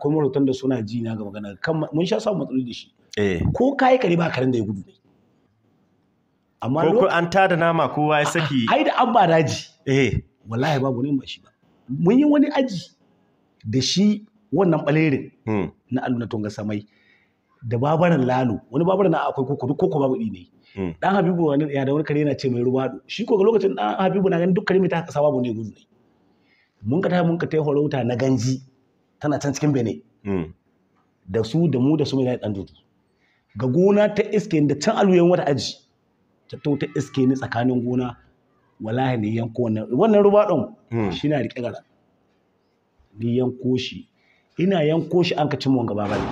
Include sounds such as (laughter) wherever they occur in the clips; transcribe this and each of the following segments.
akwai marautan da suna ji na ga magana kan mun sha samu matsaloli da shi eh. ko kai kare ba karen da ya gudu amma ko an tada nama kowa ya saki ai da an ba daji eh wallahi babu ne ba shi ba mun yi wani aji da shi wannan balerin hmm. na alu na tonga samai da babaran lalo wani babaran na akwai koko duk koko babu ne hmm. dan habibu wani ya da wani kare yana ce mai rubado shi ko lokacin dan habibu na ganin duk kare mai ta kasa babu ne gudu ne mun ka ta mun ka tai horauta na ganji tana can cikin bene hmm. da su da mu da su mai dan dudu ga gona ta iske da can aluyen wata aji ta to ta iske ni tsakanin gona wallahi ne yanko wannan wannan ruba don hmm. shi na rike gara ni yanko shi ina yanko shi an ka mun gaba bane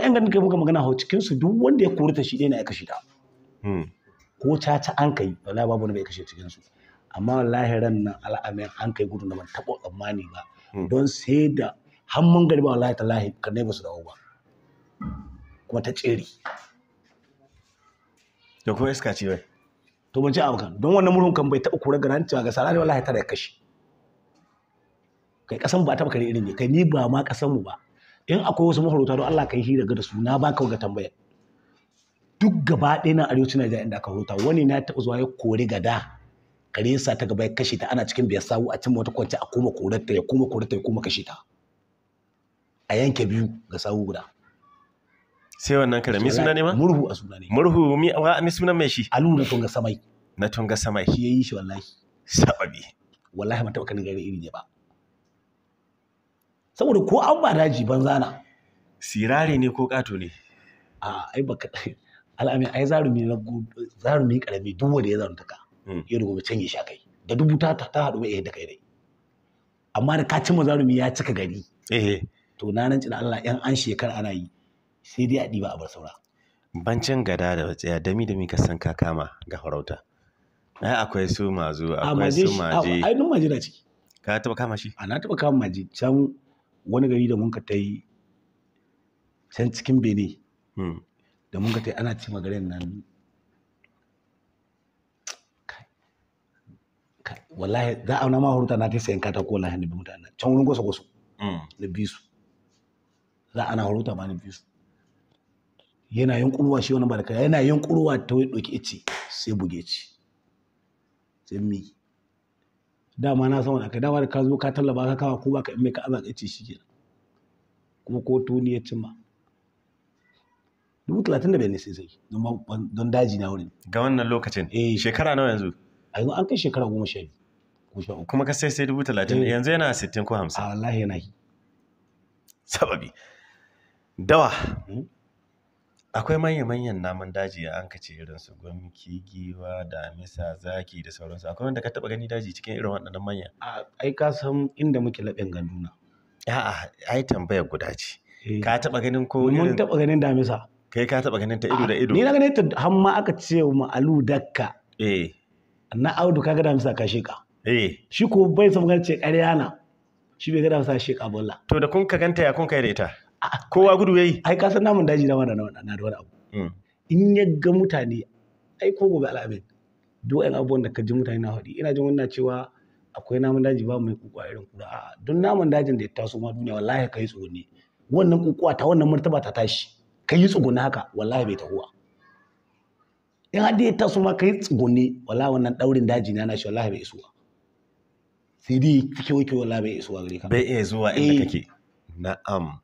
ne ga nake muka magana hau cikin su duk wanda ya kurta shi ne na ya kashe ta ko caca an kai wallahi babu wanda bai kashe cikin su amma wallahi ran nan al'amin an kai gudu da ban taɓa tsammani ba Hmm. don sai da hannun garba wallahi lahi kannai ba su dawo ba kuma ta tsere da kuma iska ce wai to ban ci abokan don wannan murhun kan bai taɓa kura garan cewa ga sarari wallahi ta da kashi kai kasan ba taɓa kare irin ne kai ni ba ma kasan mu ba in akwai wasu mafarauta don Allah kai hira da su na baka ga tambayar duk gaba ɗaya na arewacin Najeriya inda aka huta wani na taɓa zuwa ya kori gada kare sa ta gaba ya kashe ta ana cikin biyar sawu a cimma wata kwanci a koma korarta ya koma korarta ya koma kashe ta a yanke biyu ga sawu guda sai wannan kare mi suna ne ma murhu a suna ne murhu mi a mi suna mai shi alu na tunga samai na tunga samai shi yayi shi wallahi sababi wallahi ban taba kanin gari iri ne ba saboda ko an ba daji banza na sirari ne ko kato ne a ai baka (laughs) al'amin ai zarumi na zarumi karami duk wanda ya zarunta ka Mm. ya rubuta gobe canje shi akai da dubu ta ta haɗu ba eh, da kai dai amma da ka cimma zarumi ya cika gari eh. to na nan da Allah yan an shekara ana yi sai dai a ɗiba a bar saura bancin gada da tsaya dami dami ka san ka kama ga farauta ai akwai su mazu akwai su maji ai nun maji na ciki ka taba kama shi a na taba kama maji can wani gari da mun ka tai can cikin bene hmm. da mun ka tai ana cima garin nan wallahi za a na mahuruta na ta sayan katako kola hannu bi mutane can wurin gosa gosa mm. na bi su za a na huruta ma na bi su yana yin kurwa shi wani barka yana yin kurwa ta wai ɗauki ice sai buge ci sai mi dama na san wani dama da ka zo ka tallaba ka kawa ko baka in mai ka aza ka ice shi ke kuma ko tuni ya cimma dubu talatin da bai ne sai sai don daji na wurin ga wannan lokacin eh. shekara nawa yanzu a yanzu an kai shekara goma sha biyu kuma ka sai sai dubu talatin eh. yanzu yana sittin ko hamsin a wallahi yana yi sababi dawa hmm? akwai manya-manyan namun daji a an kace irin su gwamki giwa damisa zaki da sauransu akwai wanda ka taba gani daji cikin irin waɗannan manya ai ka san inda muke laɓin ganduna a'a ai tambayar guda ce eh. ka taba ganin ko irin mun taba ganin damisa kai ka taba ganin ta ido da ido ni na ganin ta har ma aka ce ma alu dakka eh na audu kaga da musa ka sheka eh shi ko bai san magana ce ƙarya na shi bai ga da musa sheka bolla to da kun ka ganta ya kun kai da ita kowa gudu yayi ai ka san namun daji na wanda na da wani abu mm. in ya ga mutane ai ko gobe al'abin duk ɗan abubuwan da ka ji mutane na haɗi ina jin wannan cewa akwai namun daji ba mai kukuwa irin kura a don namun dajin da ya taso ma duniya wallahi ka yi tsoro ne wannan kukuwa ta wannan martaba ta tashi ka yi tsuguni haka wallahi bai huwa. in hadi ya taso ma kai tsugunne wallahi wannan daurin daji na nashi wallahi bai isuwa sai dai kike kewa wallahi bai isuwa gare ka bai iya zuwa inda eh. kake na'am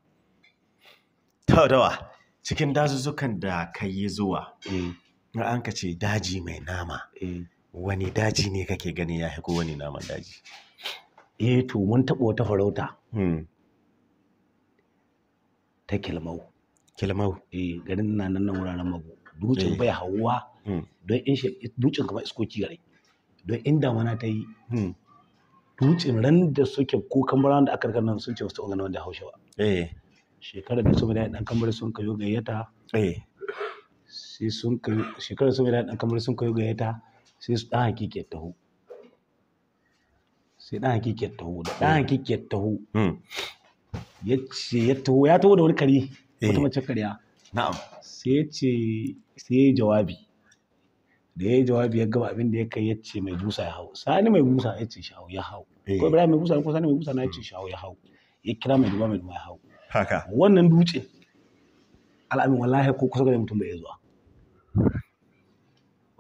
tawadawa cikin dazuzzukan da ka yi zuwa eh. na an ka ce daji mai nama eh. wani daji ne kake gani ya ko wani naman daji eh to mun taɓa wata farauta hmm. ta kilmau kilmau eh garin na nan wuraren mago dutsen bai hawa Hmm. don in shi dutsen kamar iskoki gare don in mana ta yi hmm. dutsen ran da suke ko kamar da aka rikar nan sun ce wasu ugana wanda haushe ba eh. shekarar da su da dan kamar sun kayo gayyata eh. sai sun kayo shekarar su da dan kamar sun kayo gayyata sai su dan hakikiyar taho sai dan hakiki ya taho da dan eh. hakiki ya taho hmm. ya ce ya taho ya taho da wani kare wata mace karya na'am sai ya ce sai ya jawabi da ya yi jawabi ya gaba abin da ya kai ya ce mai busa ya hau sani mai busa ya ce shi ya hau eh. ko ibrahim mai busa ko sani mai busa na ya ce hmm. shi ya hau ya kira mai duba mai duba ya hau haka wannan dutse al'amin wallahi ko kusa ga mutum bai zuwa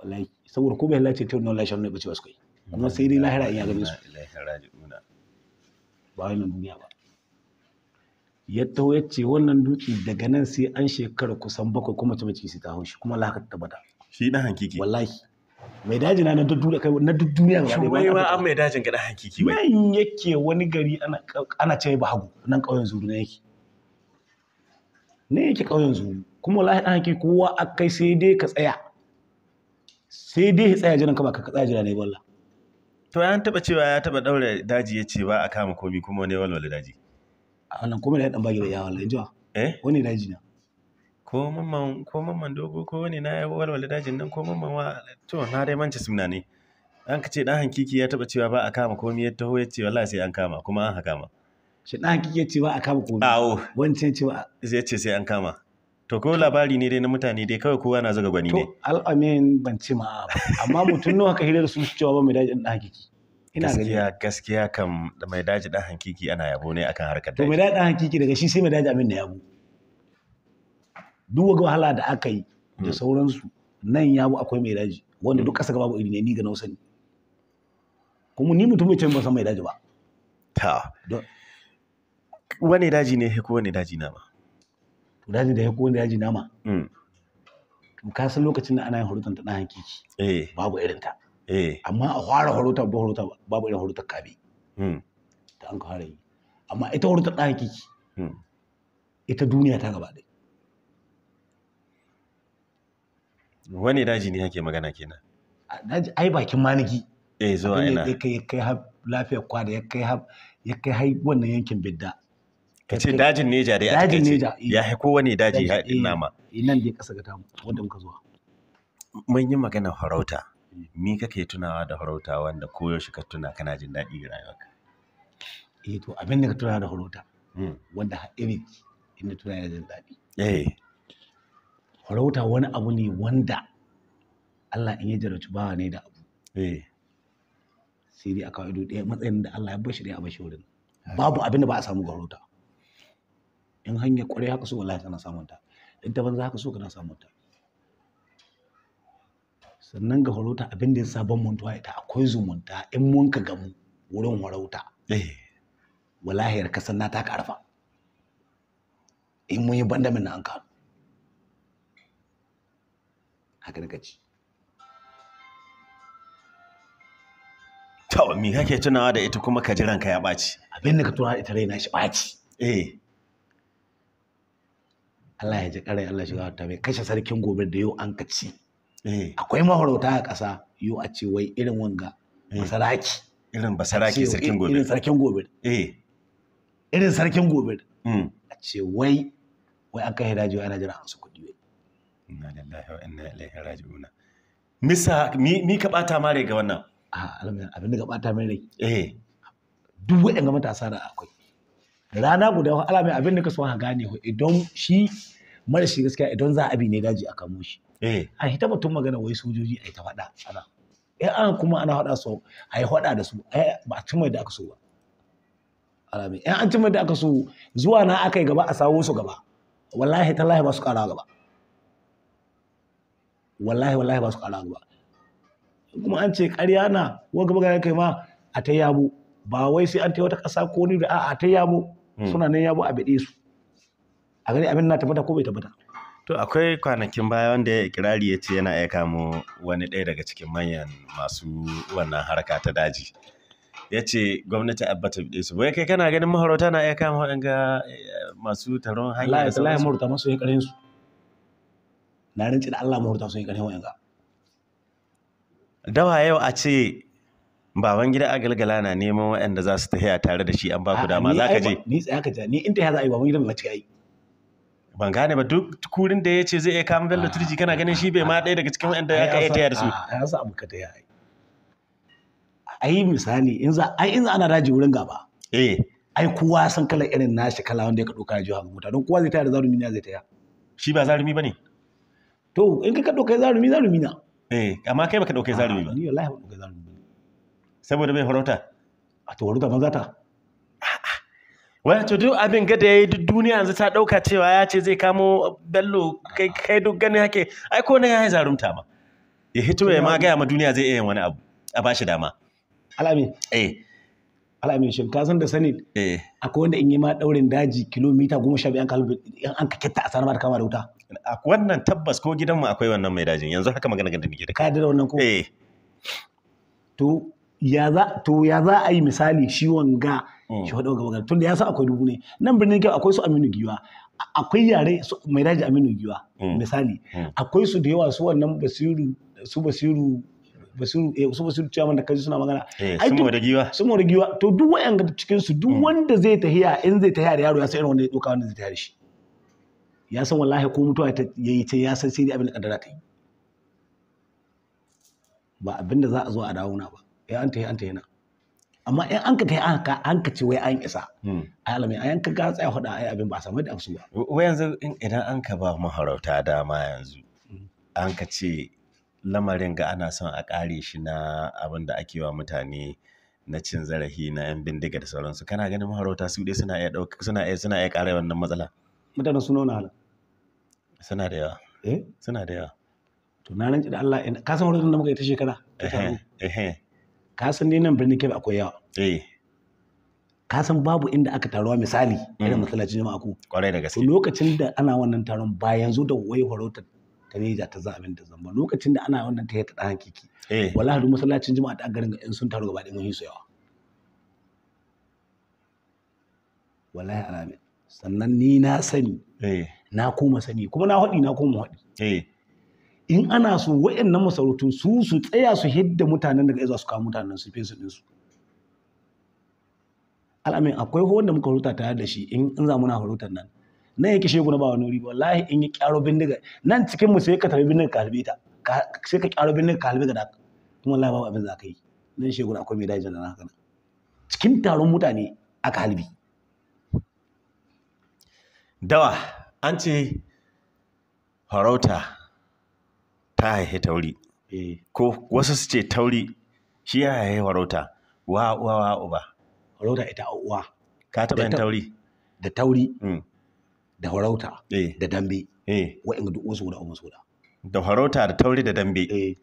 wallahi saboda ko bai lalace ta wannan lashin ne bace wasu kai kuma sai dai lahira in ya gabe su ba wani duniya ba ya taho ya ce wannan dutse daga nan sai an shekara kusan bakwai kuma ta mace sai ta hau shi kuma lahaka tabbata shi dan hankiki wallahi mai daji na na duk kai na ne ga bai ba an mai dajin ga dan hankiki bai nan yake wani gari ana ana ce ba hagu nan kauyen zuru ne yake ne yake kauyen zuru kuma wallahi dan hankiki kowa akai sai dai ka tsaya sai dai ya tsaya jiran ka ba ka tsaya jira ne wallahi to ya taba cewa ya taba daure daji ya ce ba a kama komi kuma wani walwala daji a wannan komai da ya dan bagi da ya wallahi jiwa eh wani daji na ko Mamman, Dogo ko wani na ya walwala dajin nan ko Mamman wa to na dai mance suna ne. An ka ce dan hankiki ya taɓa cewa ba a kama komi ya taho ya ce wallahi sai an kama kuma an haka ma. Shi dan hankiki ya ce ba a kama komi. Awo. Wancan cewa. Zai ce sai an kama. To ko labari ne dai na mutane dai kawai kowa na zaga gwani ne. To al'amin ban ce ma amma mutum nawa ka hira da su cewa ba mai dajin dan hakiki. Ina gaskiya gaskiya kam mai daji dan hankiki ana yabo ne akan harkar daji. To mai daji dan hankiki daga shi sai mai daji amin da yabo. duk wani wahala da aka yi da hmm. sauransu nan ya bu akwai mai daji wanda duk ƙasa babu iri ne ni ga nausa ne kuma ni mutum mai ce ban san mai daji ba ta wani daji ne ko wani daji nama to daji da ko wani daji nama hmm. to ka san lokacin da ana yin horutan ta dan hakiki eh babu irin ta eh amma a fara horutan ba horutan babu irin horutan kabe hmm. ta an ka fara yi amma ita horutan dan hakiki ita duniya ta gaba ɗaya wani daji ne yake magana kenan daji ai bakin manigi eh zuwa ina kai kai har lafiya kwada ya kai har ya kai har wannan yankin bidda ka ce dajin Neja dai a dajin Neja eh. ya kai ko wani daji ya din eh. nama eh, nan dai kasa ga tamu wanda muka zuwa mun yi magana harauta ni kake tunawa da harauta wanda koyaushe ka tuna kana jin daɗi rayuwa. rayuwarka eh to abin da ka tuna da harauta hmm. wanda har irin inda tuna ya jin daɗi eh farauta wani abu ne wanda Allah in ya jarabci bawa ne da abu eh. sai dai a kawo ido ɗaya matsayin da Allah ya bashi ɗaya a bashi wurin babu abin da ba a samu garota in hanyar kwarai haka so wallahi kana samun ta in ta banza haka so kana samun ta sannan ga farauta abin da ya sabon mantuwa ita akwai zumunta in mun ka gamu wurin farauta eh. walahiyar kasan na ta arfa in mun yi bandamin na an kano haka na gaji to me kake tunawa da ita kuma ka jiran ka ya baci. abin da ka tunawa ita raina shi baci eh Allah ya ji ƙarai Allah shiga ta mai kashe sarkin gobe da yau an ka ci eh. akwai mahorauta a ƙasa yau a ce wai irin wanga masaraki eh. irin basaraki sarkin gobe irin sarkin gobe eh irin sarkin gobe hmm. a ce wai wai an kai hidaji ana jira an su kudi wai inna lillahi wa inna ilaihi raji'una misa mi ka bata mare ga wannan a alamin abin da ka bata mare rai eh duk ga matasa da akwai rana guda alamin abin da ka so ka gane idan shi mara shi gaskiya idan za a bi ne gaji a kamo shi eh. a hita mutum magana wai sojoji a ta fada. ana eh an kuma ana fada so a fada da su ba a cimma da aka so ba alamin eh an cimma da aka so zuwa na akai yi gaba a sawo su gaba wallahi tallahi ba su kara gaba wallahi wallahi ba su ƙara ruwa kuma an ce ƙarya na gaba magana kai ma a ta yabo ba wai sai an ta wata ƙasa ko ni da a ta yabo hmm. suna nan yabo a bide su a gani abin na tabbata ko bai tabbata to akwai kwanakin baya wanda ya ikirari ya ce yana aika mu wani ɗaya daga cikin manyan masu wannan harka ta daji ya ce gwamnati abba ta bide su wai kai kana ganin maharauta na aika mu waɗanga eh, masu taron hanyar da sauransu Allah ya murta masu yin su na rantsi da Allah mahurta sun yi ƙarfin wa'anga dawa yau a ce baban gida agalgala na neman waɗanda za su tafiya tare da shi an ba ku dama za ka je ni tsaya ka ja ni in tafiya za a yi baban gida ba cika ban gane ba duk kurin da ya ce zai iya kama bello turji kana ganin shi bai ma ɗaya daga cikin waɗanda ya kai taya da su a sa abu ka taya ai ai misali in za ai in za ana daji wurin gaba eh ai kowa san kalar irin nashi kala wanda ya ka doka ya jiwa mota don kowa zai tayar da zarumi ne zai taya shi ba zarumi ba ne. to in ka ɗaukai zarumi zarumi na eh amma kai baka ɗaukai zarumi ba ni wallahi ba ɗaukai zarumi ba saboda bai farauta a to warta maza ta wato duk abin gada ya yi duk duniya yanzu ta ɗauka cewa ya ce zai kamo bello kai kai duk gani hake ai ko na ya yi zarumta ma ya hito ya ma gaya ma duniya zai iya yin wani abu a bashi dama alami eh al'amin shi ka san da sanin eh. akwai wanda in yi ma daurin daji kilomita goma sha biyu an ka ketta a sanar da kama da wuta wannan tabbas ko gidanmu akwai wannan mai dajin yanzu haka magana da nake da ka da wannan ko eh. to ya za to ya za a yi misali shi wanga mm. shi hada gaba gaba tunda ya sa akwai dubu ne nan birnin kyau akwai su Aminu Giwa akwai yare mai daji Aminu Giwa mm. misali mm. akwai su da yawa su wannan Basiru su Basiru basiru eh su basiru da kaji suna magana eh, ai sun da giwa sun da giwa to duk wayan ga cikin su duk mm. wanda zai tahiya in zai tahiya da yaro ya san irin wanda ya doka wanda zai tahiya shi ya san wallahi ko mutuwa ta yayi ta ya san sai dai abin da kaddara kai ba abin da za a zo a dawo na ba ya an tahiya an tahiya na amma in an ka kai an ka an ka ce wai an isa mm. ai alamin ai an ka ga tsaya hada ai abin ba a samu da aka ba wai yanzu idan an ka ba maharauta dama yanzu mm. an ka ce lamarin ga ana son a ƙare shi na abin da ake wa mutane na cin zarafi na 'yan bindiga da sauransu kana ganin maharauta su dai suna iya ɗauka suna iya suna iya ƙara wannan matsala mutane su nuna hala suna da yawa eh suna da yawa to na ranci da Allah ka san wurin da muka yi ta shekara eh ka san ne nan birnin Kebbi akwai yawa eh ka san babu inda aka taruwa misali irin mm. masallacin jama'a ku kwarai da gaske lokacin da ana wannan taron ba yanzu da wai farautar ta Niger ta zan abin da zan lokacin da ana wannan ta ta dan hakiki wallahi duk masallacin jima'a ta garin in sun taru gaba da mun yi su yawa wallahi alamin sannan ni na sani eh. na koma sani kuma na haɗi na koma haɗi eh. in ana so wa'annan masarautun su su tsaya su hidda mutanen daga izuwa su kawo mutanen su fesu ɗinsu al'amin akwai ho wanda muka huruta tare da shi in za muna hurutar nan nan yake shegu na ba wani riba wallahi in yi kyaro bindiga nan cikin mu sai ka tafi bindiga ka halbe ta sai ka kyaro bindiga ka halbe ga da kuma wallahi babu abin za ka yi nan shegu akwai mai dajin nan haka cikin taron mutane aka halbi dawa an ce farauta ta haihe tauri eh. ko wasu su ce tauri shi ya haihe farauta wa uwa wa uba farauta ita uwa ka taɓa yin tauri da tauri mm. da farauta eh. da dambe eh. wa'in duk wasu guda wasu wuda da farauta da tauri da dambe eh.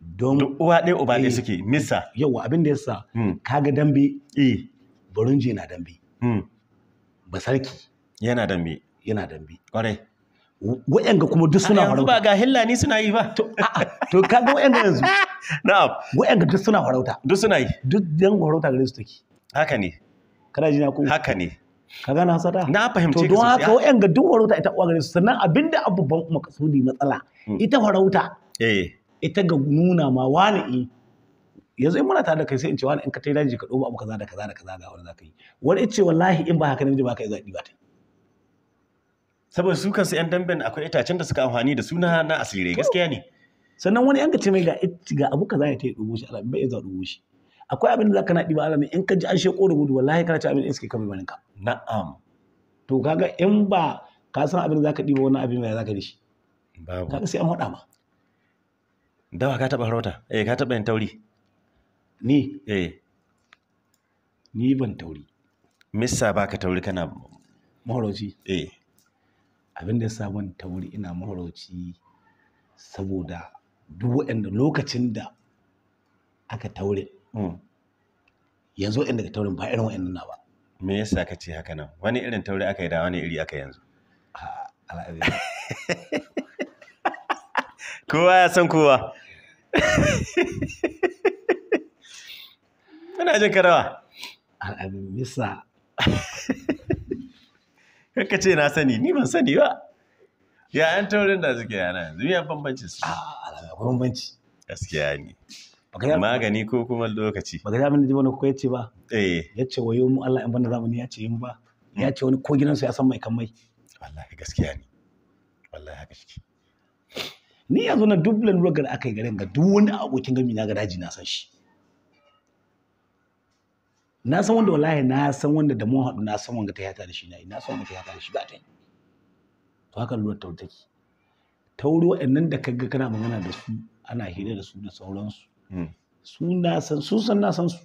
don duk uwa ɗaya uba ɗaya suke misa yau abin da yasa hmm. kaga dambe burunji na dambe hmm. basarki yana dambe yana dambe kwarai wa'yanga kuma duk suna farauta. Yanzu ba ga hillani suna yi ba. To kaga wa'yanga yanzu. (laughs) Na'am. Wa'yanga duk suna farauta. Duk suna yi. Duk yan farauta gare su take. Haka ne. Kana ji na ko? Haka ne. ka gana sada na fahimce to don haka wayan ga duk warauta ita uwa gare su sannan abinda abubuwan makasudi matsala hmm. ita farauta eh ita ga nuna ma wani eh, yanzu in muna tare da kai sai in ce wani in ka tai daji ka dubo abu kaza da kaza da kaza ga wani zaka yi wani in ce wallahi in ba haka namiji ba ka yi zaɓi ba ta saboda su kansu yan damben akwai itacen da suka amfani da suna na asiri gaskiya ne sannan wani yan ka ce mai ga abu kaza ya ta yi ɗobo shi ala bai ya zaɓi ɗobo shi akwai abin da za ka naɗi ba alami in ka ji an sheko da gudu wallahi kana ci abin iske kan barin ka na'am to kaga in ba ka san abin da za ka ɗiba wani abin mai ka dishi babu kaga sai an haɗa ma dawa ka taɓa harota eh ka taɓa yin tauri ni eh ni ban tauri missa ka tauri kana mahoroci eh abin da yasa ban tauri ina mahoroci saboda duk waɗanda lokacin da aka taure Hmm. yanzu in daga taurin ba irin waɗannan na ba me yasa ka ce haka nan wani irin tauri aka yi da wani iri aka yanzu ah, (laughs) kowa ya san kowa (laughs) ina jin karawa al'adun misa (laughs) kakka ce na sani ni ban sani ba ya an taurin da suke yana yanzu ya bambanci su a ah, al'adun bambanci gaskiya ne magani ko kuma lokaci ba ji zamu ji wani ko yace ba eh yace wayo mu Allah in banda zamani yace yin ba hmm. yace wani ko gidansa ya san mai kan mai wallahi gaskiya ne wallahi haka shi ni yanzu na dublin rugar aka yi garin ga duk wani abokin gami na garaji na san shi na san wanda wallahi na san wanda da mu haɗu na san wanda ta yata da shi na yi na san wanda ta yata da shi ba ta yi to haka lura ta take tauro wa'annan da kaga kana magana da su ana hira da su da sauransu su na san su san na san su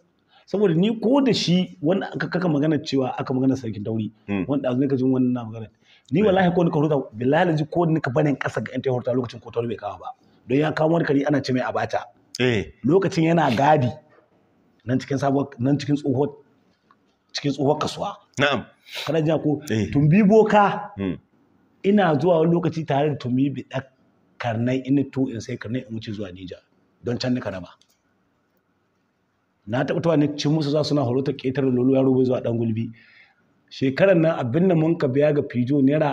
saboda ni ko da shi wani aka magana cewa aka magana sarkin dauri hmm. wanda azu ne ka jin wannan na magana ni wallahi ko ni ka huta bilal ji ko ni ka barin kasa ga ta horta lokacin ko bai kawo ba don ya kawo wani kari ana ce mai abata eh. lokacin yana gadi nan cikin sabuwar nan cikin tsohuwar cikin tsohuwar kasuwa na'am kana jin ko eh. tumbi boka hmm. ina zuwa wani lokaci tare da tumbi bidak karnai in to in sai karnai in wuce zuwa Nijar don can nika raba na taɓa tuwa ne cin musu za suna horo ta ƙetar lolo ya rubu zuwa ɗan gulbi shekarar nan abin da mun ka biya ga fijo naira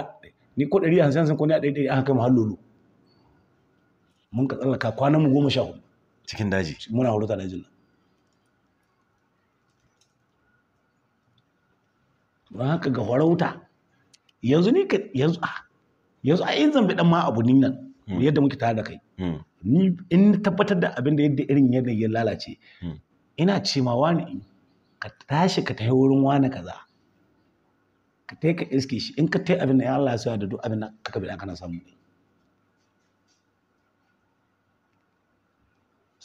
ni ko ɗari hamsin hamsin ko naira ɗari ɗari aka kai mu har mun ka tsallaka kwanan mu goma sha hudu cikin daji muna horo ta dajin nan don haka ga horauta yanzu ni ka yanzu a ah, yanzu a yin zambi dan ma abu nan Hmm. yadda muke tare da kai hmm. ni in tabbatar da abin da yadda irin yanayi ya lalace hmm. ina ce ma wani ka tashi ka tafi wurin wani kaza ka tai ka iske shi in ka tai abin da ya Allah ya da duk abin da ka kabila kana samu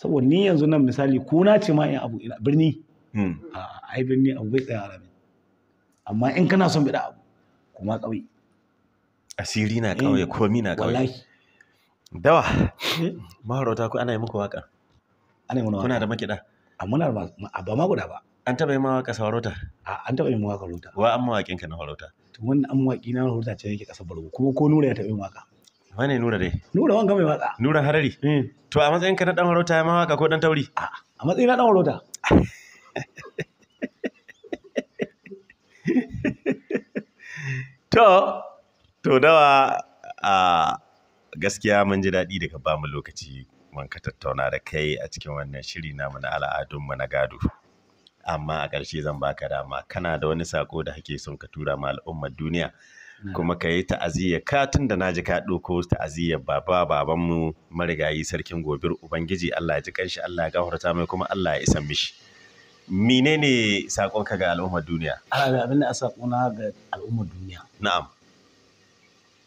saboda ni yanzu nan misali ko na ce ma in abu ina birni a ai birni abu bai tsaya rami amma in kana son bida abu kuma kauye asiri na kauye eh, komi na kauye Dawa. Maharauta ku ana yi muku waƙa. Ana yi mana waƙa. Kuna da makiɗa. A muna da ba ma guda ba. An taɓa yi mawaƙa sarauta? A an taɓa yi mawaƙa sarauta. Wa an mawaƙin ka na sarauta? To wani an mawaƙi na sarauta ce yake ƙasar Bargo kuma ko Nura ya taɓa yi mawaƙa. Wane Nura dai? Nura wanga mai waƙa. Nura Harari. Eh. To a matsayin ka na ɗan sarauta ya mawaƙa ko ɗan tauri? A a matsayin na ɗan sarauta. (laughs) To, to dawa a gaskiya mun ji daɗi daga bamu lokaci mun ka tattauna da kai a cikin wannan shiri namu na al'adunmu na gado. Amma a ƙarshe zan baka dama kana da wani sako da hake son ka tura ma al'ummar duniya kuma ka yi ta'aziyya ka tun da ji ka ɗauko ta'aziyya baba babanmu marigayi sarkin gobir ubangiji Allah ya ji kanshi Allah ya gafarta mai kuma Allah ya isa mishi. menene sakonka ga al'ummar duniya? Ah, abin da a sakona ga al'ummar duniya. Na'am.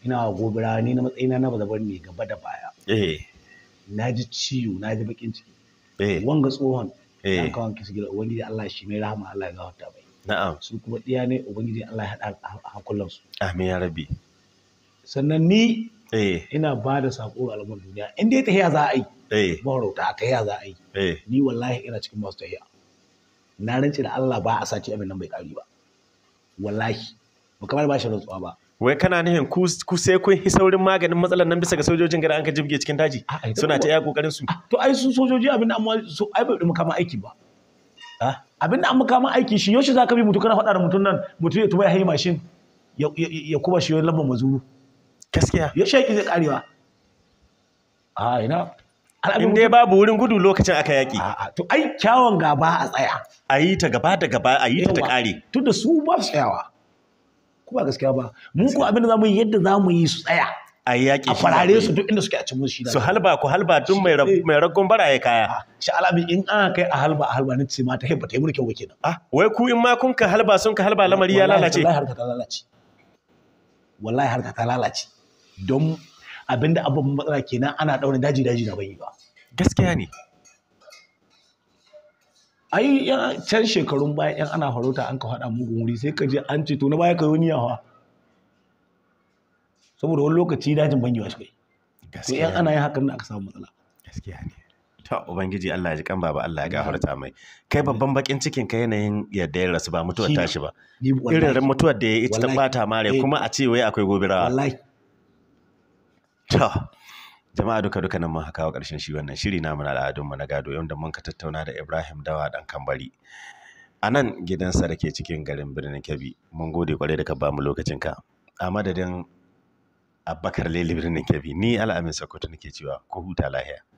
ina wa gobira ni na matsayina na bazabar ne gaba da baya eh. na ji ciwo na ji bakin ciki eh. wanga tsohon an kawo kisa gida ubangiji Allah shi mai rahama Allah ya gafarta bai na'am su kuma diya ne ubangiji Allah ya hada hakullan su amin ya rabbi sannan ni eh. ina ba da sako ga al'ummar duniya in dai tahiya za a yi a tahiya za a yi ni wallahi ina cikin masu tahiya na rance da Allah ba a sace abin nan bai kari ba wallahi ba kamar ba shi rantsuwa ba wai kana nihin ku sai kun yi saurin maganin matsalar nan bisa ga sojojin gara an ka jibge cikin daji suna ta iya kokarin su to ai su sojoji abin da amma su ai bai mu kama aiki ba abin da amma kama aiki shi yoshi zaka bi mutu kana faɗa da mutun nan mutu ya tuba ya haye mashin ya kuma shi yoyin lambar mazuru gaskiya yoshi yaki zai karewa a ina in dai babu wurin gudu lokacin aka yaki to ai kyawun gaba a tsaya a yi ta gaba da gaba a yi ta ta kare tunda su ba su tsayawa ko ba gaskiya ba mun ko abin da zamu yi yadda zamu yi su tsaya a yaƙi a farare su duk inda suke a cikin shi su halba ko halba duk mai mai ragon bara ya kaya ah, shi alabi in an kai a halba a halba ne ce mata ta hebba ta yi mulkin wake nan ah wai ku in ma kun ka halba sun ka halba lamari ya lalace wallahi harka ta lalace wallahi harka ta lalace don abinda abin matsala kenan ana daura daji daji da bai yi ba gaskiya ne ai can shekarun baya yan ana farauta an ka faɗa mugun wuri sai ka je an ce to na baya ka yi yawa. saboda wani lokaci dajin bangewa shi kai to yan ana yin hakan da aka samu matsala gaskiya ne ta ubangiji Allah ya ji kan baba Allah ya gafarta mai kai babban bakin cikin ka yanayin yadda ya rasu ba mutuwar tashi ba irin mutuwar da ya ita ta bata mare eh. kuma a ce wai akwai gobirawa wallahi ta jama'a duka duka nan mun haka ƙarshen shi wannan shiri na mun al'adun mu na gado yanda mun ka tattauna da Ibrahim Dawa dan Kambari a nan gidansa da ke cikin garin birnin Kebbi mun gode kwarai da ka ba mu lokacin ka a madadin Abubakar Lele birnin Kebbi ni Al'amin Sokoto nake cewa ku huta lahiya